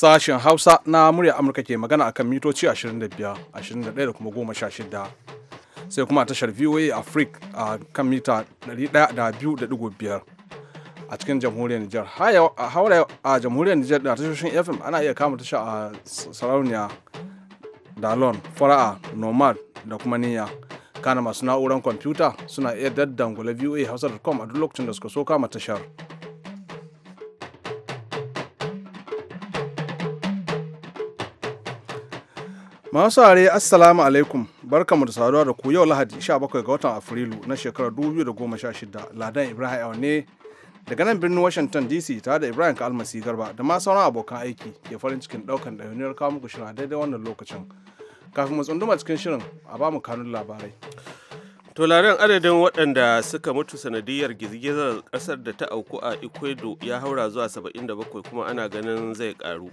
Sashen Hausa na murya Amurka ke magana akan mitoci 25, 21 da kuma 16. Sai kuma tashar VOA afrik a kan mita 102.5 a cikin jamhuriyar Nijar. Haura a jamhuriyar Nijar da tashoshin FM ana iya kama tasha a sarauniya Dalon, Fara'a, Nomad da kuma Niyya. Kana masu na'urar kwamfuta suna iya daddangula voa hausa.com a duk lokacin da suka so kama tashar. Masu are assalamu alaikum barkamu da saduwa da ku yau lahadi 17 ga watan afrilu na shekarar 2016 ladan ibrahim ne daga nan birnin washington dc tare da ibrahim kalmasi garba da ma sauran abokan aiki ke farin cikin daukan ɗauniyar kawo muku shirin a daidai wannan lokacin kafin mu tsunduma cikin shirin a ba mu kanun labarai tauraron adadin waɗanda suka mutu sanadiyar girgizar ƙasar da ta auku a ecuador ya haura zuwa 77 kuma ana ganin zai ƙaru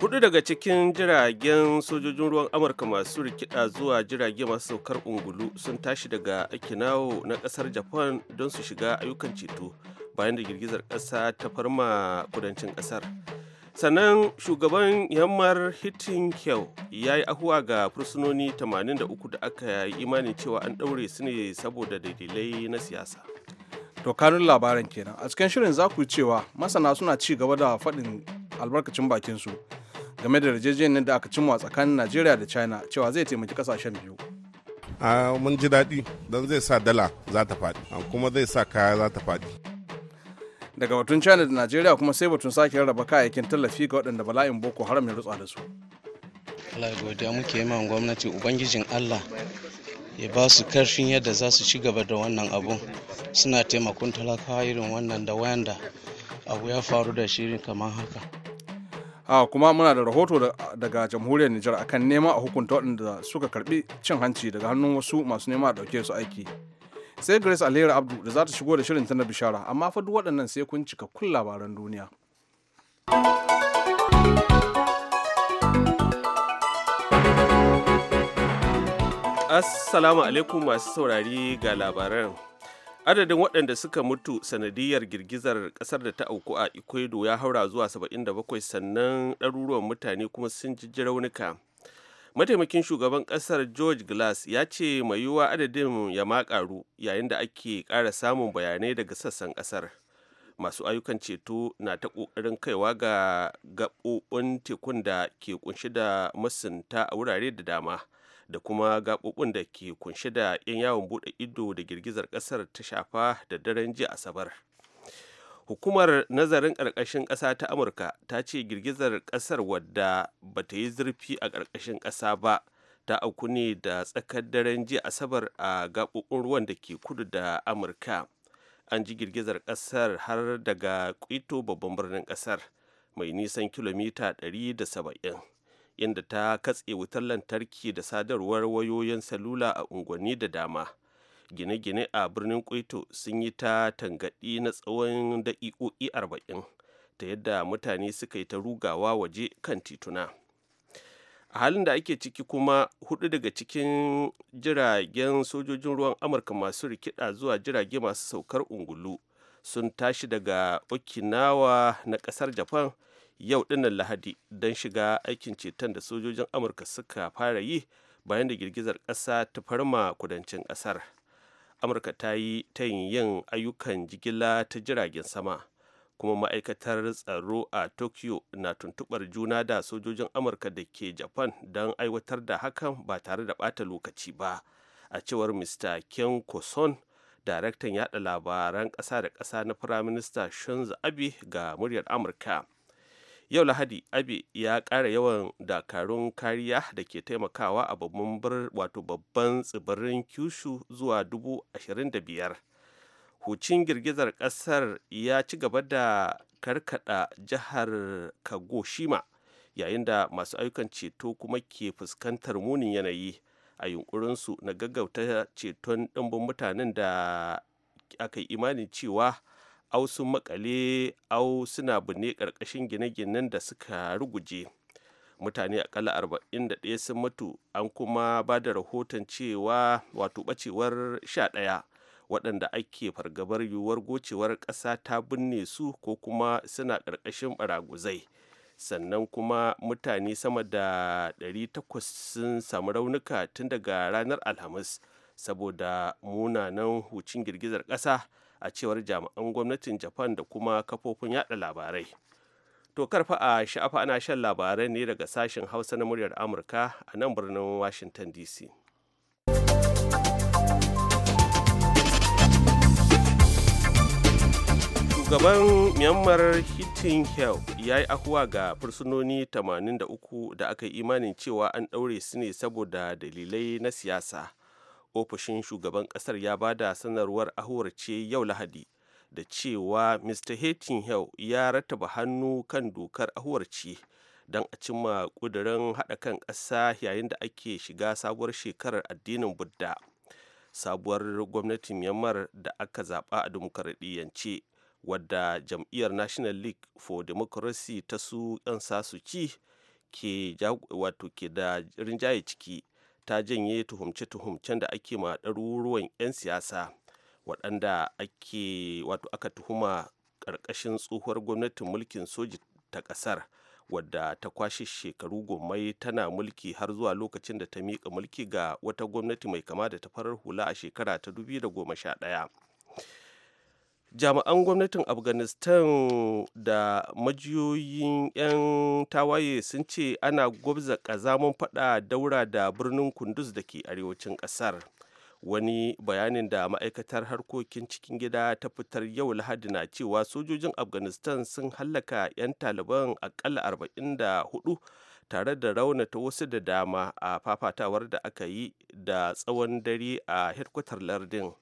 hudu daga cikin jiragen sojojin ruwan amurka masu rikida zuwa jirage masu saukar ungulu sun tashi daga akinawo na kasar japan don su shiga ayyukan ceto bayan da girgizar kasa ta farma kudancin kasar sannan shugaban yammar hitin kyau ya yi ahuwa ga fursunoni 83 da aka yi imanin cewa an daure su ne saboda dalilai na siyasa to kanun labaran kenan a cikin shirin za ku cewa masana suna ci gaba da faɗin albarkacin bakinsu game da yarjejeniyar da aka cimma tsakanin najeriya da china cewa zai taimaki kasashen biyu mun ji daɗi don zai sa dala za ta faɗi kuma zai sa kaya za ta faɗi daga batun china da najeriya kuma sai batun sake rarraba kayayyakin tallafi ga waɗanda bala'in boko haram ya rutsa da su Allah ya godiya muke yi gwamnati ubangijin Allah ya ba su karfin yadda za su ci gaba da wannan abu suna taimakon talakawa irin wannan da wayanda abu ya faru da shirin kamar haka a kuma muna da rahoto daga jamhuriyar Nijar akan nema a hukunta waɗanda suka karbi cin hanci daga hannun wasu masu nema a ɗauke su aiki. Sai Grace Alheri Abdu da za ta shigo da shirin ta na bishara amma fa duk waɗannan sai kun cika kun labaran duniya. Assalamu alaikum masu saurari ga labaran. adadin waɗanda suka mutu sanadiyar girgizar ƙasar da ta auku a Ekuedo ya haura zuwa 77 sannan ɗaruruwan mutane kuma sun ji raunuka mataimakin shugaban ƙasar george glass ya ce mai yiwuwa adadin ya ma ƙaru yayin da ake ƙara samun bayanai daga sassan ƙasar masu ayyukan ceto na ta ƙoƙarin kaiwa ga gaɓoɓin tekun da ke kunshi da masunta a wurare da dama da kuma gaɓoɓin da ke kunshi da 'yan yawon buɗe ido da girgizar ƙasar ta shafa da daren jiya asabar hukumar nazarin ƙarƙashin ƙasa ta amurka ta ce girgizar ƙasar wadda ba ta yi zurfi a ƙarƙashin ƙasa ba ta auku ne da tsakar daren jiya asabar a gaɓoɓin ruwan da ke kudu da amurka an ji girgizar ƙasar har daga kwito babban birnin ƙasar mai nisan kilomita 170 inda ta katse wutar lantarki da sadarwar wayoyin salula a unguwanni da dama gine-gine a birnin kwaito sun yi ta tangaɗi na tsawon daƙiƙoƙi arba'in ta yadda mutane suka yi ta rugawa waje kan tituna a halin da ake ciki kuma hudu daga cikin jiragen sojojin ruwan amurka masu rikida zuwa jirage masu saukar ungulu sun tashi daga okinawa na kasar japan yau dinnan lahadi don shiga aikin ceton da sojojin amurka suka fara yi bayan da girgizar ƙasa ta farma kudancin ƙasar amurka ta yi ta yin ayyukan jigila ta jiragen sama kuma ma'aikatar tsaro a tokyo na tuntubar juna da sojojin amurka da ke japan don aiwatar da hakan ba tare da ɓata lokaci ba a cewar mr ken koson daraktan yada labaran ƙasa da ƙasa na firaminista shinzo abe ga muryar amurka yau lahadi abe ya kara yawan dakarun kariya da ke taimakawa a babban wato babban tsibirin kyushu zuwa dubu ashirin da biyar hucin girgizar kasar ya ci gaba da karkada jihar kagoshima yayin da masu ayyukan ceto kuma ke fuskantar munin yanayi a yunkurinsu na gaggauta ceton dimbin mutanen da aka yi imanin cewa au sun makale au suna bune ƙarƙashin gine-ginen da suka ruguje mutane akalla 41 sun mutu an kuma ba da rahoton cewa wato ɓacewar sha ɗaya waɗanda ake fargabar yiwuwar gocewar ƙasa ta binne su ko kuma suna ƙarƙashin baraguzai sannan kuma mutane sama da 800 sun samu raunuka tun daga ranar alhamis saboda munanan hucin girgizar ƙasa a cewar jami'an gwamnatin japan da kuma kafofin yada labarai to karfa a sha'afa ana shan labarai ne daga sashen hausa na muryar amurka a nan birnin washington dc shugaban myanmar hitin hill ya yi ahuwa ga fursunoni 83 da aka yi imanin cewa an ɗaure su ne saboda dalilai na siyasa ofishin shugaban kasar ya ba da sanarwar ce yau lahadi da cewa mr hatin hill ya rataba hannu kan dokar ce don a cimma kudurin haɗa kan ƙasa yayin da ake shiga sabuwar shekarar addinin budda sabuwar gwamnatin myanmar da aka zaɓa a dimokuraɗiyyance wadda jam'iyyar national league for democracy ta su 'yan sasuci ke ke da rinjaye ciki ta janye tuhumce-tuhumcen da ake ma ɗaruruwan 'yan siyasa waɗanda ake wato aka tuhuma ƙarƙashin tsohuwar gwamnatin mulkin soji ta ƙasar wadda ta kwashe shekaru gomai tana mulki har zuwa lokacin da ta miƙa mulki ga wata gwamnati mai kama da ta farar hula a shekara ta 2011 jami'an gwamnatin afghanistan da majiyoyin 'yan tawaye sun ce ana gwabza kazamun fada daura da birnin kunduz da ke arewacin kasar wani bayanin da ma'aikatar harkokin cikin gida ta fitar yau lahadi na cewa sojojin afghanistan sun hallaka 'yan taliban akalla 44 tare da raunata wasu da dama a fafatawar da aka yi da tsawon dare a hedkwatar lardin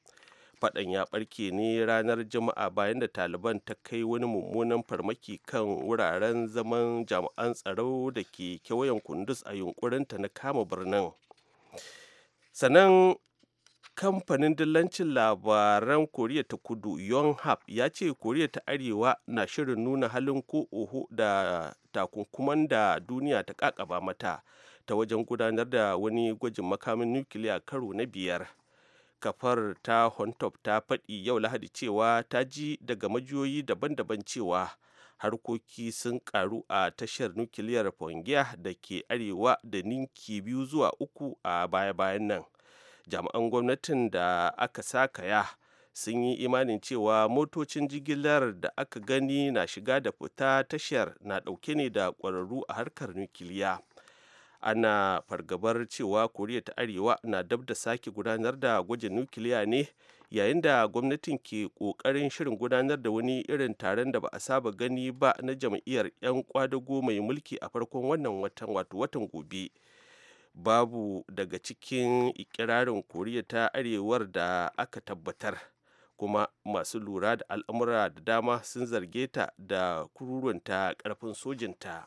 faɗan ya ɓarke ne ranar juma'a bayan da taliban ta kai wani mummunan farmaki kan wuraren zaman jami'an tsaro da ke kewayen kundus a yunkurinta na kama birnin sannan kamfanin dillancin labaran koriya ta kudu yonhap ya ce koriya ta arewa na shirin nuna halin ko oho da takunkuman da duniya ta kakaba mata ta wajen gudanar da wani gwajin makamin nukiliya karo na biyar kafar ta hontop ta faɗi yau lahadi cewa ta ji daga majiyoyi daban-daban cewa harkoki sun karu a tashar nukiliyar pongiya da ke arewa da ninki biyu zuwa uku a baya-bayan nan jami'an gwamnatin da aka sakaya sun yi imanin cewa motocin jigilar da aka gani na shiga da fita tashar na ɗauke ne da ƙwararru a harkar nukiliya. ana fargabar cewa koriya ta arewa na dab da sake gudanar da gwajin nukiliya ne yayin da gwamnatin ke kokarin shirin gudanar da wani irin taron da ba a saba gani ba na jam'iyyar 'yan kwadago mai mulki a farkon wannan watan wato watan gobe babu daga cikin ikirarin koriya ta arewar da aka tabbatar kuma masu lura da al'amura da dama sun zarge ta da kururuwanta karfin sojinta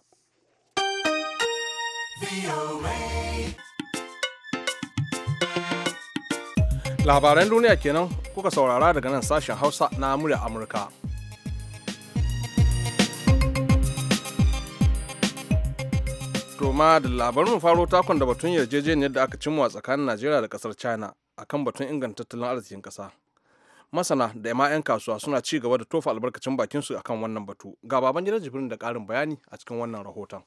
labaran duniya kenan kuka saurara daga nan sashen hausa na murya amurka Roma da labarin mu faro takon da batun yarjejeniyar da aka cimma tsakanin Najeriya da kasar China akan batun inganta tattalin arzikin kasa. Masana da ma 'yan kasuwa suna ci gaba da tofa albarkacin bakinsu kan wannan batu. Ga baban gidan jibrin da ƙarin bayani a cikin wannan rahoton.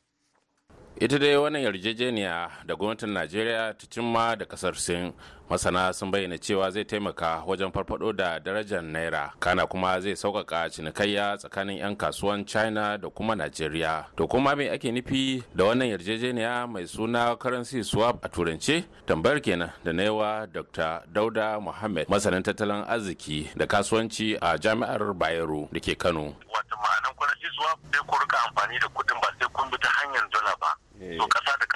ita dai wani yarjejeniya da gwamnatin najeriya ta cimma da kasar sin masana sun bayyana cewa zai taimaka wajen farfado da darajar naira kana kuma zai sauƙaƙa cinikayya tsakanin 'yan kasuwan china da kuma najeriya to kuma me ake nufi da wannan yarjejeniya mai suna currency swap a turance tambayar kenan da na dr dauda muhammad masanin tattalin arziki da kasuwanci a jami'ar bayero da ke kano wato ma'anin currency swap sai ku rika amfani da kuɗin ba sai kun bi ነው። ቀሳ ለቀ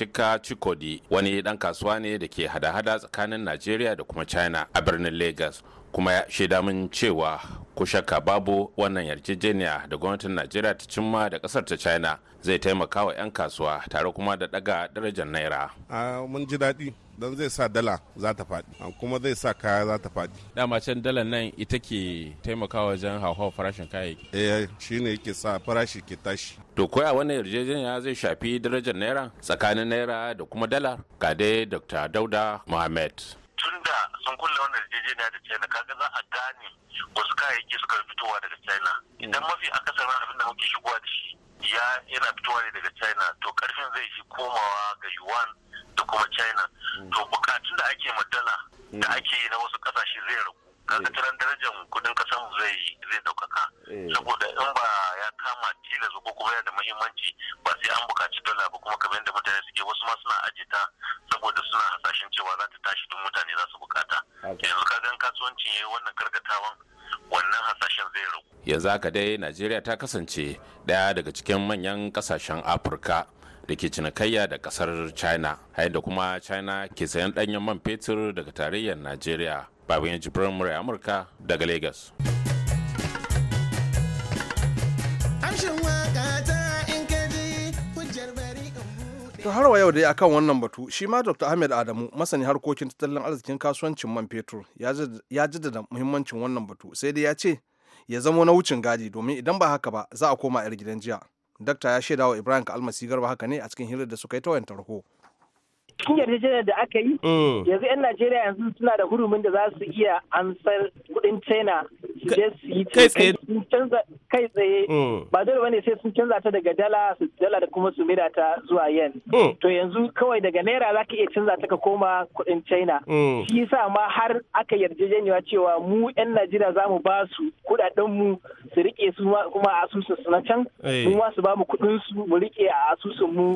cika Chikodi wani dan kasuwa ne da ke hada-hada tsakanin Najeriya da kuma China a birnin Lagos kuma ya shaida min cewa kushaka shakka babu wannan yarjejeniya da gwamnatin Najeriya ta cimma da kasar ta China zai taimaka wa 'yan kasuwa tare kuma da daga darajar naira. Ah, mun ji daɗi don zai sa dala za ta faɗi kuma zai sa kaya za ta faɗi dama can dalar nan ita ke taimakawa wajen hauhawar farashin kayayyaki eh shine yake sa farashi ke tashi to a wannan yarjejeniya zai shafi darajar naira tsakanin naira da kuma dala. ga dai dr dauda muhammad tun da sun kulle wannan yarjejeniya da china kaga za a gane wasu kayayyaki suka fitowa daga china idan mafi akasarin abin da muke shigowa da shi ya yana fitowa ne daga china to karfin zai yi komawa ga yuan da kuma china mm. to bukatun da ake madala da mm. ake na wasu kasashe zai ragu kaga mm. taron darajar kudin kasan zai zai daukaka saboda in ba ya kama tilas ko kuma yana da muhimmanci ba sai an bukaci dala ba kuma kamar yadda mutane suke wasu ma suna ajiye ta saboda suna hasashen cewa za ta tashi duk mutane za su bukata yanzu ka gan kasuwancin yi wannan karkatawan wannan hasashen zai ragu yanzu haka dai najeriya ta kasance daya daga cikin manyan kasashen afirka da ke cinikayya da kasar china hayan da kuma china ke sayan danyen man fetur daga tarayyar najeriya babin jibrin murai amurka daga lagos To harwa yau dai kan wannan batu shi ma Dr. Ahmed Adamu masani harkokin tattalin arzikin kasuwancin man fetur ya jaddada muhimmancin wannan batu sai dai ya ce ya zamo na wucin gadi domin idan ba haka ba za a koma 'yar gidan jiya. dokta ya shaidawa Ibrahim Almasi Garba haka ne a cikin hirar da suka yi ta wayan tarho. cikin yarjejeniyar da aka yi mm. yanzu 'yan Najeriya yanzu suna da hurumin da za su iya ansar kudin China kai tsaye kai tsaye mm. ba dole bane sai sun canza ta daga dala su dala da kuma su maida ta zuwa yen mm. to yanzu kawai daga naira za ka iya canza ta ka koma kudin China shi yasa ma har aka yarjejeniya cewa mu 'yan Najeriya za mu ba su kudaden mu su rike su kuma a asusun su na can eh. mu ma su ba mu kudin su mu rike a asusun mu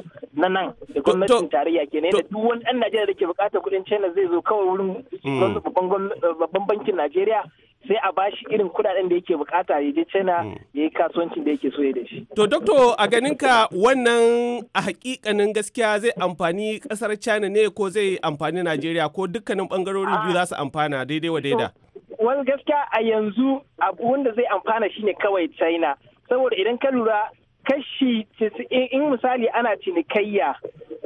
na nan da gwamnatin tarayya kenan duk wani ɗan Najeriya da ke bukatar kuɗin China zai zo kawai wurin hmm. eh, babban bankin Najeriya sai a ba shi irin kuɗaɗen da yake bukata ya je China hmm. ya yi kasuwancin da yake so ya da shi. To doktor a ganin ka wannan a hakikanin gaskiya zai amfani kasar China ne ko zai amfani Najeriya ko dukkanin bangarorin biyu za su amfana daidai wa daida. Wani gaskiya a yanzu abu wanda zai amfana shine kawai China. Saboda idan ka lura kashi in misali ana cinikayya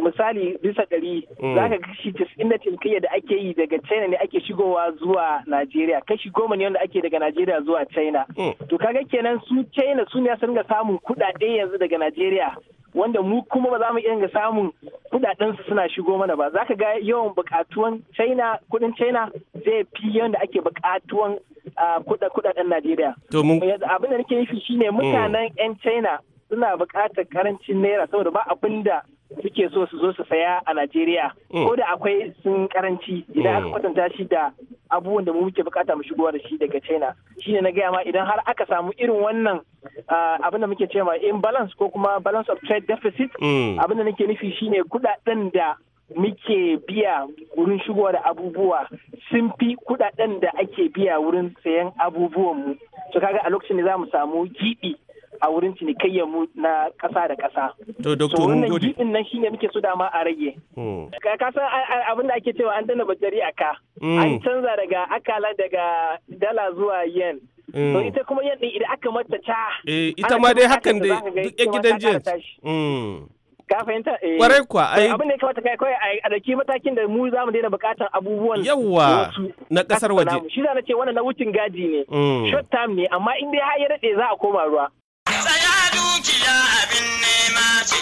misali bisa ɗari mm. za ka kashi casa'in na cinikayya da ake yi daga china ne ake shigowa zuwa najeriya kashi goma ne wanda ake daga najeriya zuwa china mm. to kaga kenan su china su ne sun ga samun kuɗaɗe yanzu daga najeriya wanda mu kuma ba za mu iya samun kudaden suna shigo mana ba za ka ga yawan bukatuwan china kudin china zai fi yawan ake bukatuwan ah, kudaden najeriya abin da nake nufi shine mm. mutanen yan china suna buƙatar karancin naira saboda ba abin da suke so su zo su saya a Najeriya mm. ko da akwai sun karanci idan aka mm. kwatanta shi da abubuwan da mu muke bukata mu shigo da shi daga China shine na gaya ma idan har aka samu irin wannan ah, abin da muke cewa imbalance ko kuma balance of trade deficit mm. abin da nake nufi shine kuɗaɗen da muke biya wurin shigowa da abubuwa sun fi kudaden da ake biya wurin sayan abubuwan mu. to kaga a lokacin da za mu samu giɓi a wurin cinikayyar mu na ƙasa da ƙasa. To Dr. Mun gode. So nan shine muke su dama a rage. Oh. Ka san abin da ake cewa an dana bajari a ka. Mm. An canza daga akala daga dala zuwa yen. Mm. To ita kuma yen din idan aka mata ta. Eh ita ma dai hakan da duk yan gidan jet. Mm. ka fahimta eh kwarai kwa ai abin da ya kamata kai kai a daki matakin da mu zamu daina bukatar abubuwan Yawwa, na kasar waje shi na ce, wannan na wucin gadi ne short term ne amma in dai har ya daɗe za a koma ruwa lada abin nema ce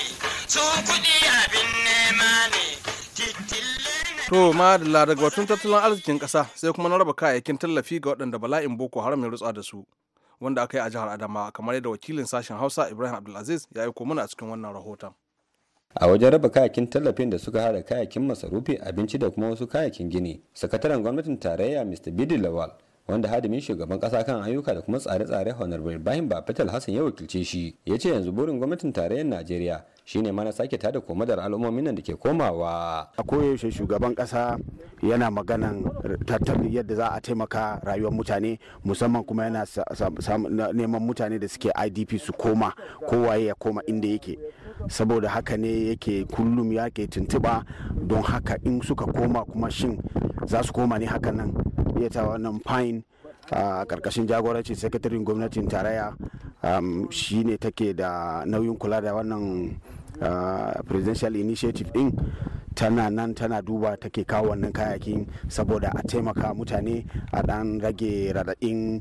To ma da ladagatun tattalin arzikin kasa sai kuma na raba kayayyakin tallafi ga waɗanda bala'in Boko Haram ya rutsa da su wanda aka yi a jihar adama kamar yadda wakilin sashen Hausa Ibrahim Abdulaziz ya aiko mana a cikin wannan rahoton. a wajen raba kayakin tallafin da suka hada kayakin masarufi abinci da kuma wasu kayakin gini sakataren gwamnatin tarayya mr bidi lawal wanda hadimin shugaban kasa kan ayyuka da kuma tsare-tsare honorable ibrahim bafital hassan ya wakilce shi ya ce yanzu burin gwamnatin tarayyar najeriya shine mana sake tada komadar al'ummomin nan da ke komawa a koyaushe shugaban kasa yana maganan tattalin yadda za a taimaka rayuwar mutane musamman kuma yana neman mutane da suke idp su koma kowaye ya koma inda yake saboda haka ne yake kullum yake tuntuba don haka in suka koma kuma shin za su koma ne haka nan ta wannan fine a karkashin jagorancin sakatarin gwamnatin tarayya shi ne take da nauyin kula da wannan presidential initiative din tana nan tana duba take kawo wannan kayakin saboda a taimaka mutane a dan rage raɗaɗin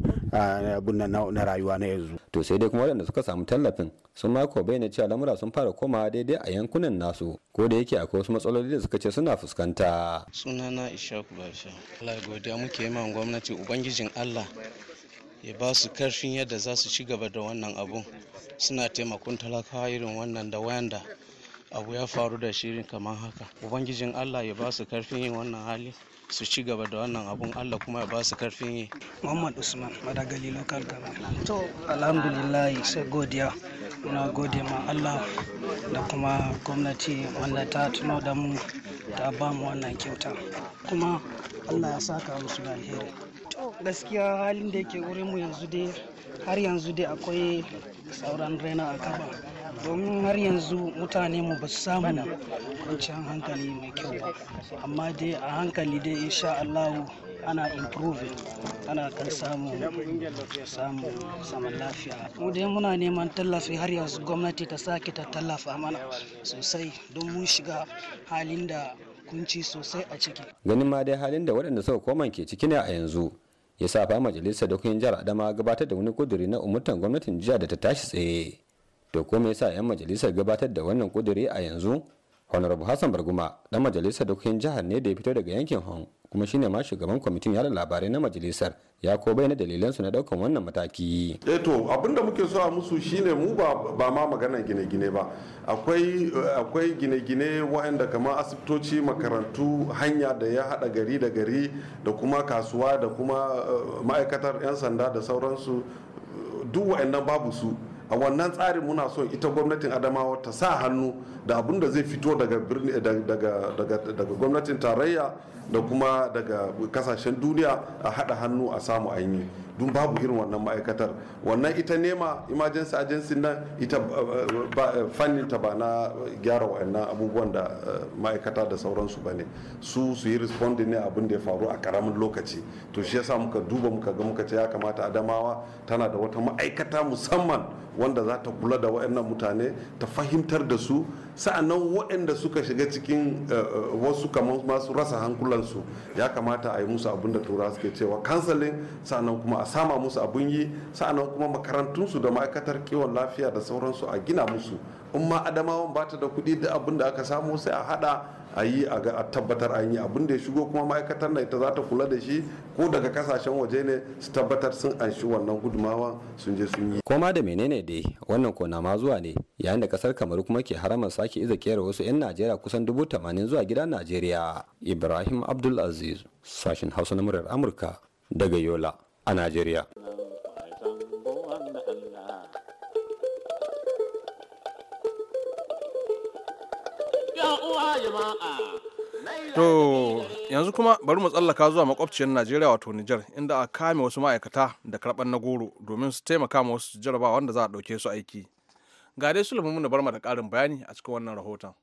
bunna na rayuwa na yanzu to sai dai kuma waɗanda suka samu tallafin sun mako bayyana cewa lamura sun fara koma daidai a yankunan nasu ko da yake akwai wasu matsaloli da suka ce suna fuskanta sunana ishaku basha Allah godiya muke yi gwamnati ubangijin Allah ya ba su karfin yadda za su ci gaba da wannan abun suna taimakon talakawa irin wannan da wayanda abu ya faru da shirin kamar haka ubangijin allah ya ba su karfin yin wannan hali su ci gaba da wannan abun allah kuma ya ba su karfin yi muhammad usman madagali local government to alhamdulillah sai godiya muna gode ma allah da kuma gwamnati wanda ta tuno da mu ta ba mu wannan kyauta kuma allah ya saka musu da alheri to gaskiya halin da yake wurin mu yanzu dai har yanzu dai akwai sauran raina a kaba domin har yanzu mutane mu ba su samu kwanciyar hankali mai kyau ba amma dai a hankali dai sha Allahu, ana improving ana kan samun samun saman lafiya mu dai muna neman tallafi har yanzu gwamnati ta sake ta tallafa mana sosai don mun shiga halin da kunci sosai a ciki ganin ma dai halin da waɗanda suka koma ke ciki ne a yanzu ya sa fa majalisar dokokin jihar adama gabatar da wani kuduri na umurtan gwamnatin jiya da ta tashi tsaye to ko me yasa 'yan majalisar gabatar da wannan kuduri a yanzu honorable hassan barguma dan majalisar dokokin jihar ne da ya fito daga yankin hon kuma shine ma shugaban kwamitin yada labarai na majalisar ya ko bayyana dalilan su na daukan wannan mataki eh to da muke so a musu shine mu ba ba ma magana gine-gine ba akwai akwai gine-gine waɗanda kamar asibitoci makarantu hanya da ya hada gari da gari da kuma kasuwa da kuma eh, ma'aikatar 'yan sanda da sauransu duk waɗannan babu su a wannan tsarin muna so ita gwamnatin adamawa ta sa hannu da abin da zai fito daga gwamnatin tarayya da kuma daga kasashen duniya a haɗa hannu a samu ainihi don babu irin wannan ma'aikatar wannan ita nema emergency agency nan ita eh, eh, fannin ta ba na gyara wa'annan abubuwan da eh, ma'aikata da sauransu ba ne su su yi responding ne abin da ya faru a karamin lokaci to shi yasa muka duba muka ga muka ce ya kamata adamawa tana da wata ma'aikata musamman wanda za ta kula da wa'annan mutane ta fahimtar da su sa'annan waɗanda suka shiga cikin wasu kamar masu rasa hankulansu ya kamata a yi musu abin da turawa suke cewa kansalin sa'annan kuma a sama musu abun yi sa'annan kuma makarantunsu da ma'aikatar kiwon lafiya da sauransu a gina musu in ma adamawan ba ta da kuɗi da abin da aka samu sai a hada a yi a tabbatar an yi abin da ya shigo kuma ma'aikatar na ita za ta kula da shi ko daga kasashen waje ne su tabbatar sun shi wannan gudumawa sun je sun yi. koma da menene dai wannan na ma zuwa ne yayin da kasar kamaru kuma ke haramar sake iza kera wasu 'yan najeriya kusan dubu tamanin zuwa gidan najeriya ibrahim abdulaziz sashen hausa na murar amurka daga yola a najeriya To yanzu kuma bari mu tsallaka zuwa makwabciyar Najeriya wato Nijar inda a kame wasu ma'aikata da karɓar na goro domin su taimaka ma wasu jarabawa wanda za a ɗauke su aiki. Ga dai Sulaiman mu bar da ƙarin bayani a cikin wannan rahoton.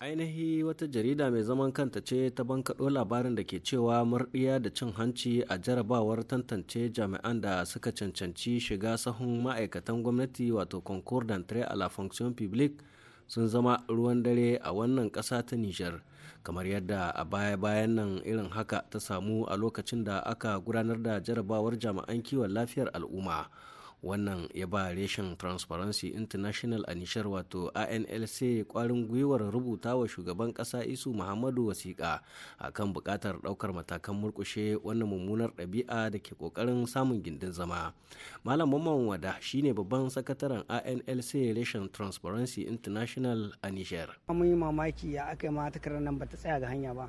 ainihi wata jarida mai zaman kanta ce ta bankaɗo labarin da ke cewa murɗiya da cin hanci a jarabawar tantance jami'an da suka cancanci shiga sahun ma'aikatan gwamnati wato concours d'entrée à la fonction publique sun zama ruwan dare a wannan ƙasa ta nijar kamar yadda a baya-bayan nan irin haka ta samu a lokacin da aka gudanar da jarabawar jami'an kiwon lafiyar al'umma wannan ya ba reshen transparency international a nishar wato anlc kwarin gwiwar rubuta wa shugaban kasa isu muhammadu wasiƙa kan buƙatar ɗaukar matakan murkushe wannan mummunar ɗabi'a da ke ƙoƙarin samun gindin zama malam mamman wada shine babban sakataren anlc reshen transparency international a nishar mun yi mamaki ya aka yi ma nan ba ta tsaya ga hanya ba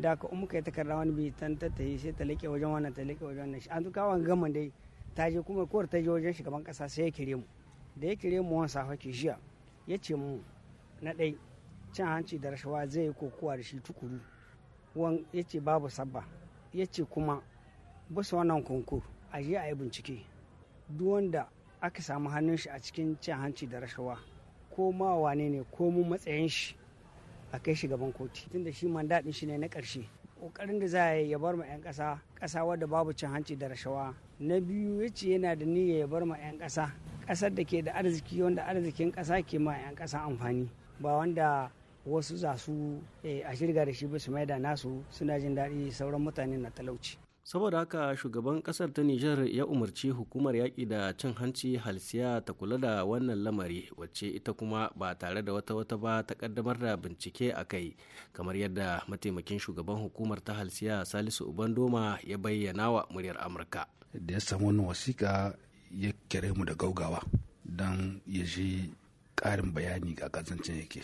da ka yi takarda wani bi ta ta sai ta leƙe wajen wannan ta leƙe wajen wannan shi an tuka wani gama dai ta je kuma kowar ta je wajen shugaban kasa sai ya kire mu da ya kire mu wani safa ke jiya ya ce mu na ɗai cin hanci da rashawa zai yi kokowa da shi tukuru wan ya ce babu sabba ya ce kuma bisa wannan konkur a je a yi bincike duk wanda aka samu hannun shi a cikin cin hanci da rashawa ko ma wane ne ko mun matsayin shi a kai shi gaban kotu tunda shi mandaɗin shi ne na ƙarshe kokarin da za ya bar ma 'yan ƙasa ƙasa wadda babu cin hanci da rashawa na biyu ya ce yana da niyya ya bar ma 'yan ƙasa ƙasar da ke da arziki wanda arzikin ƙasa ke ma 'yan ƙasa amfani ba wanda wasu za su eh, a shirga da shi ba su maida nasu suna jin daɗi sauran mutane na talauci saboda haka shugaban kasar ta nijar ya umarci hukumar yaƙi da cin hanci halsiya ta kula da wannan lamari wacce ita kuma ba tare da wata wata ba ta kaddamar da bincike a kai kamar yadda mataimakin shugaban hukumar ta halsiya salisu ubandoma ya bayyana wa muryar amurka da ya samu wani wasiƙa ya kere mu da gaugawa don ya ji ƙarin bayani ga kazancin yake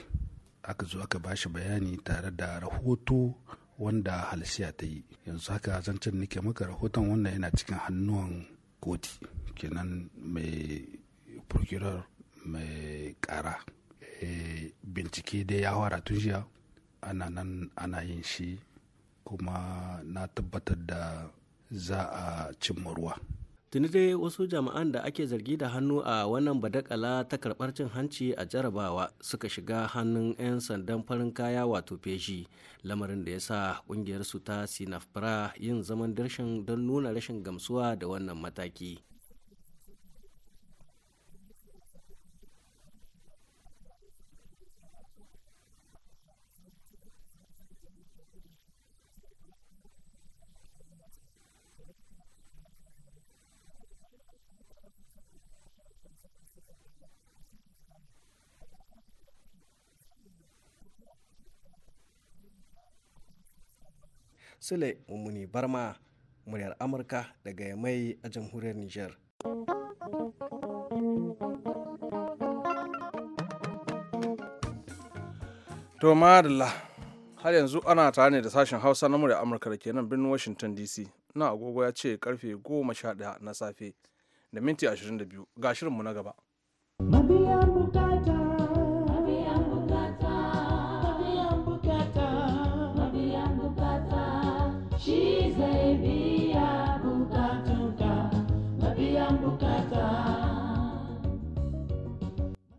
aka zo aka bashi bayani tare da rahoto wanda halsiya ta yi yanzu haka zancen nake maka rahoton wannan yana cikin hannuwan koti kenan mai procurer mai kara eh, bincike dai ya fara tun jiya ana nan ana yin shi kuma na tabbatar da za a cimma ruwa tuni dai wasu jami'an da ake zargi da hannu a wannan badakala ta karbar cin hanci a jarabawa suka shiga hannun 'yan sandan farin kaya wato peji lamarin da ya sa kungiyar su ta sinafra yin zaman darshin don nuna rashin gamsuwa da wannan mataki Sule Mummuni Barma, muryar Amurka daga Yamai a jamhuriyar Nijar. To madalla har yanzu ana tare ne da sashen Hausa na muryar Amurka da ke nan birnin Washington DC. Na agogo ya ce karfe 11 na safe. da minti 22 ga shirinmu na gaba. Mabiyan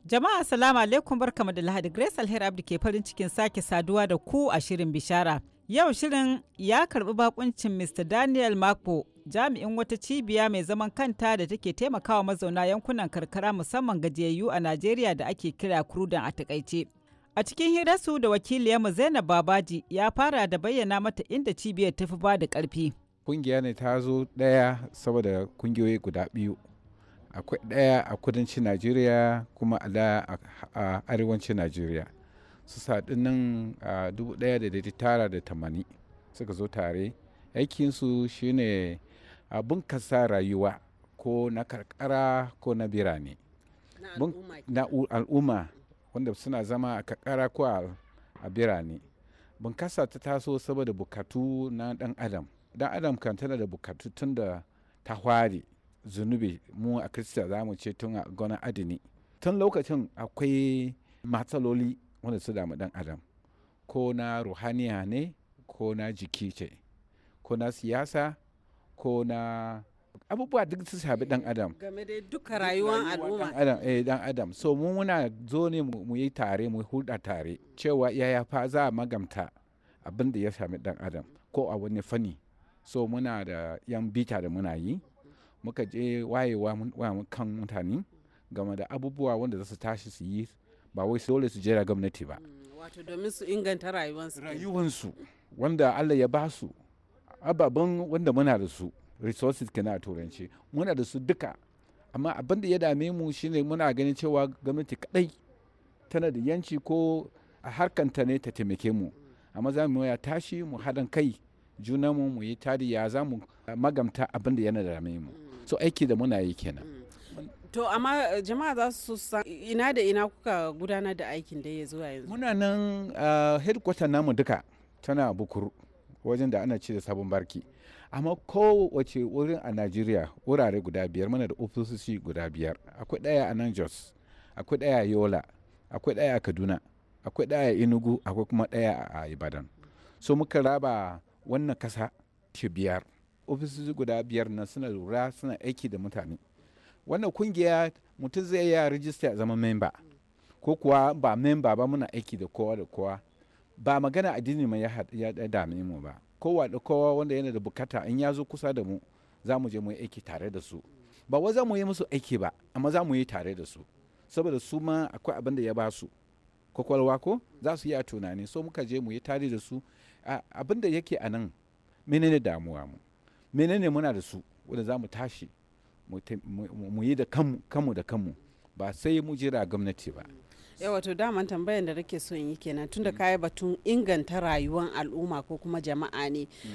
Jama'a salamu alaikum barkamu da Lahadi Grace Alheri Abdi ke farin cikin sake saduwa da ku a shirin bishara. Yau shirin ya karbi bakuncin Mr. Daniel Mako jami'in wata cibiya mai zaman kanta da take taimakawa mazauna yankunan karkara musamman gajiyayyu a Najeriya da ake kira kurudan a takaice. A cikin hirarsu da wakiliyarmu Zainab Babaji ya fara da bayyana mata inda cibiyar tafi ba da ƙarfi. Kungiya ne ta zo ɗaya saboda kungiyoyi guda biyu akwai ɗaya a kudancin najeriya kuma a da a arewacin najeriya su saɗin nan a dubu ɗaya da dari tara da tamani suka zo tare aikinsu shine a bunkasa rayuwa ko na karkara ko na birane na al'umma wanda suna zama a karkara ko a birane bunkasa ta taso saboda bukatu na dan adam dan adam kan tana da bukatu tun da ta hware zunubi mu a kirista za mu ce tun a gona adini tun lokacin akwai matsaloli wanda su damu dan adam ko na ruhaniya ne ko na jiki ce ko na siyasa ko na abubuwa duk su shafi dan adam game da duka rayuwar al'umma eh dan adam so mu muna zo ne mu yi tare mu hulɗa tare cewa yaya fa za a magamta abinda ya sami dan adam ko a wani fani so muna da yan bita da muna yi muka je wayewa kan mutane game da abubuwa wanda za su tashi su yi ba wai dole su jera gwamnati ba mm, wato domin su inganta rayuwansu rayuwansu wanda allah ya ba su ababen wanda muna da su resources kana a turanci muna da su duka amma abin da ya dame mu shine muna ganin cewa gwamnati kadai tana da yanci ko a harkanta ne ta taimake mu amma za mu ya tashi mu haɗin kai junanmu mu yi tari ya za mu magamta abin da yana da dame mu so aiki da muna yi kenan mm. to amma eh, jama'a za su san ina da ina kuka gudanar da aikin da ya zuwa yanzu muna nan uh, headquarter namu duka tana bukuru wajen da ana ci da sabon barki amma kowace wurin a najeriya wurare guda biyar mana da ofisoshi guda biyar akwai daya a nan jos akwai daya a yola akwai daya a kaduna akwai daya a inugu akwai kuma daya a ibadan so muka raba wannan kasa ta biyar ofisoshi guda biyar na suna lura suna aiki da mutane wannan kungiya mutum zai iya rijista zama memba ko kuwa ba memba ba muna aiki da kowa da kowa ba magana addini mai ya dame mu ba kowa da kowa wanda yana da bukata in ya zo kusa da mu za mu je mu yi aiki tare da su ba wa za mu yi musu aiki ba amma za mu yi tare da su saboda su ma akwai abin da ya ba su kwakwalwa ko za su yi a tunani so muka je mu yi tare da su abin da yake a nan menene damuwa mu menene muna da su wanda za mu tashi mu yi da kanmu da kanmu ba sai mu jira gwamnati ba Yau wato daman tambayar da nake so in yi kenan tunda mm. ka kayi batun inganta rayuwar al'umma ko kuma jama'a ne mm.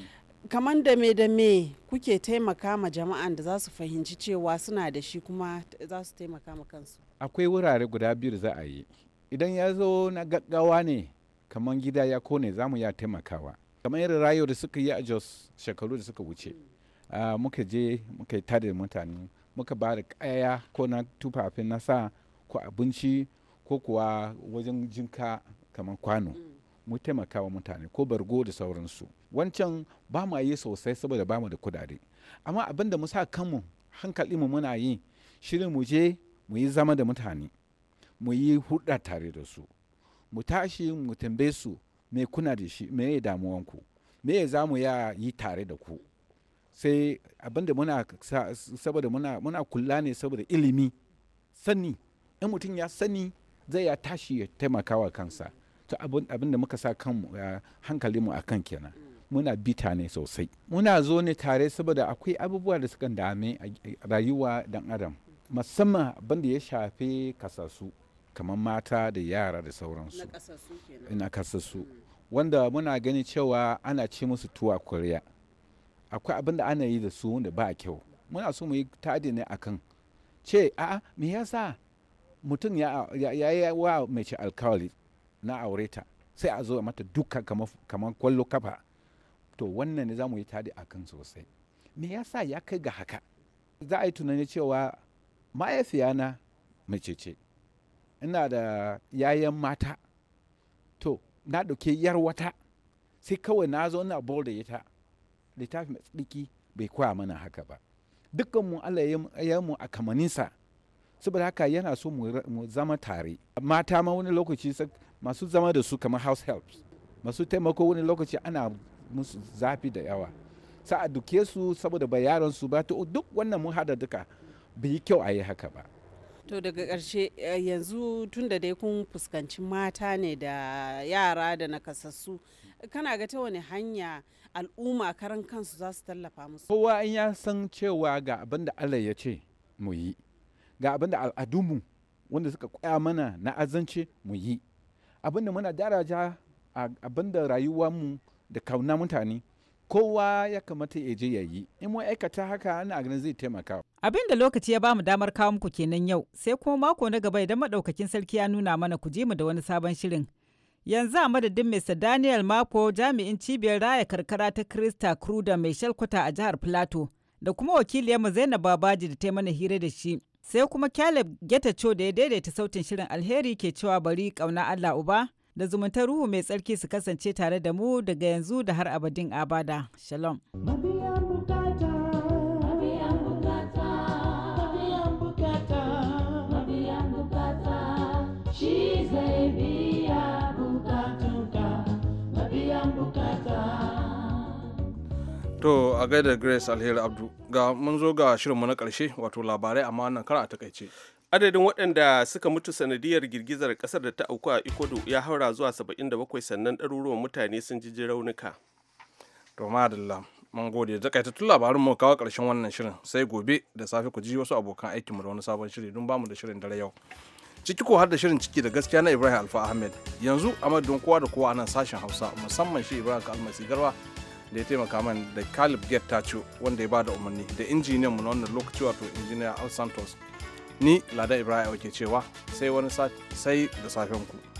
kamar da me da me kuke taimaka ma jama'an da za su fahimci cewa suna da shi kuma za su taimaka ma kansu akwai wurare guda biyu za a yi idan ya zo na gaggawa ne kamar gida ya kone za mu ya taimakawa kamar irin rayo da suka yi a jos shekaru da suka wuce mm. Ah, muka je muka yi tare da mutane muka ba da kaya ko na tufafin na sa ko abinci ko kuwa wajen jinka kamar kwano mm. mu taimaka wa mutane ko bargo da sauransu wancan ba mu yi sosai saboda ba mu da kudade amma abin da mu sa kanmu hankali mu muna yi shirin mu je mu yi zama da mutane mu yi hudda tare da su mu tashi mu tambaye su me kuna da shi me damuwanku me za mu yi tare da ku sai abinda muna saboda muna kula ne saboda ilimi sani in mutum ya sani zai ya tashi ya taimaka wa kansa to abinda muka sa kan eh, mu a kan kenan muna bita ne sosai muna zo ne tare saboda akwai abubuwa da suka dame a rayuwa dan adam musamman abinda ya shafi kasasu kamar mata da yara da sauransu na kasassu wanda muna gani cewa ana ce musu tuwa kuriya akwai abin da ana yi da su wanda ba kyau muna so mu yi tadi ne akan ce a me yasa mutum ya yi wa mace alkawali na aure ta sai a zo mata duka kamar kwallo kafa to wannan ne za mu yi tadi akan sosai me yasa ya kai ga haka za a yi tunani cewa na mace ce ina da yayan mata to na dauke yar wata sai kawai na zo ina bol da ita littafi mai tsiki bai koya mana haka ba dukkan mu Allah ya mu a kamaninsa saboda haka yana so mu zama tare mata ma wani lokaci masu zama da su kamar house helps masu taimako wani lokaci ana musu zafi da yawa sa a duke su saboda ba su ba to duk wannan mun hada duka bai yi kyau a yi haka ba to daga ƙarshe eh, yanzu tunda dai kun fuskanci mata ne da yara da nakasassu kana ga ta wani hanya al'umma karan kansu za su tallafa musu kowa in ya san cewa ga abin da Allah ya ce mu yi ga abin da al'adunmu wanda suka kwaya mana na azance mu yi abin da muna daraja abin da rayuwarmu da kauna mutane kowa ya kamata ya je ya yi in mun aikata haka ana ganin zai taimaka abin da lokaci ya bamu damar kawo muku kenan yau sai kuma mako na gaba idan madaukakin sarki ya nuna mana ku je mu da wani sabon shirin yanzu a madadin Mr. Daniel Mako jami'in cibiyar raya karkara ta Krista Kruda mai shalkwata a jihar plato da kuma wakili wakiliyarmu Zainab Babaji da ta mana hira da shi. Sai kuma Caleb Getacho da ya daidaita sautin shirin alheri ke cewa bari kauna Allah Uba da zumuntar ruhu mai tsarki su kasance tare da mu daga yanzu da har abadin abada. Shalom. To a gaida Grace Alheri Abdu ga mun zo ga shirinmu na ƙarshe wato labarai amma wannan kar a takaice. Adadin waɗanda suka mutu sanadiyar girgizar ƙasar da ta auku a Ikodo ya haura zuwa 77 sannan ɗaruruwan mutane sun ji raunuka. To madalla mun gode da tun labarin mu kawo ƙarshen wannan shirin sai gobe da safe ku ji wasu abokan aikinmu da wani sabon shiri don bamu da shirin dare yau. ciki ko har da shirin ciki da gaskiya na Ibrahim Alfa Ahmed yanzu a don kowa da kowa a nan sashen Hausa musamman shi Ibrahim Kalmasi Garba da ya taimaka man da Caleb Get Tacho wanda ya ba da umarni da injiniyan mu na wannan lokaci wato injiniya Al Santos. Ni Lada Ibrahim ke cewa sai wani sai da safen ku.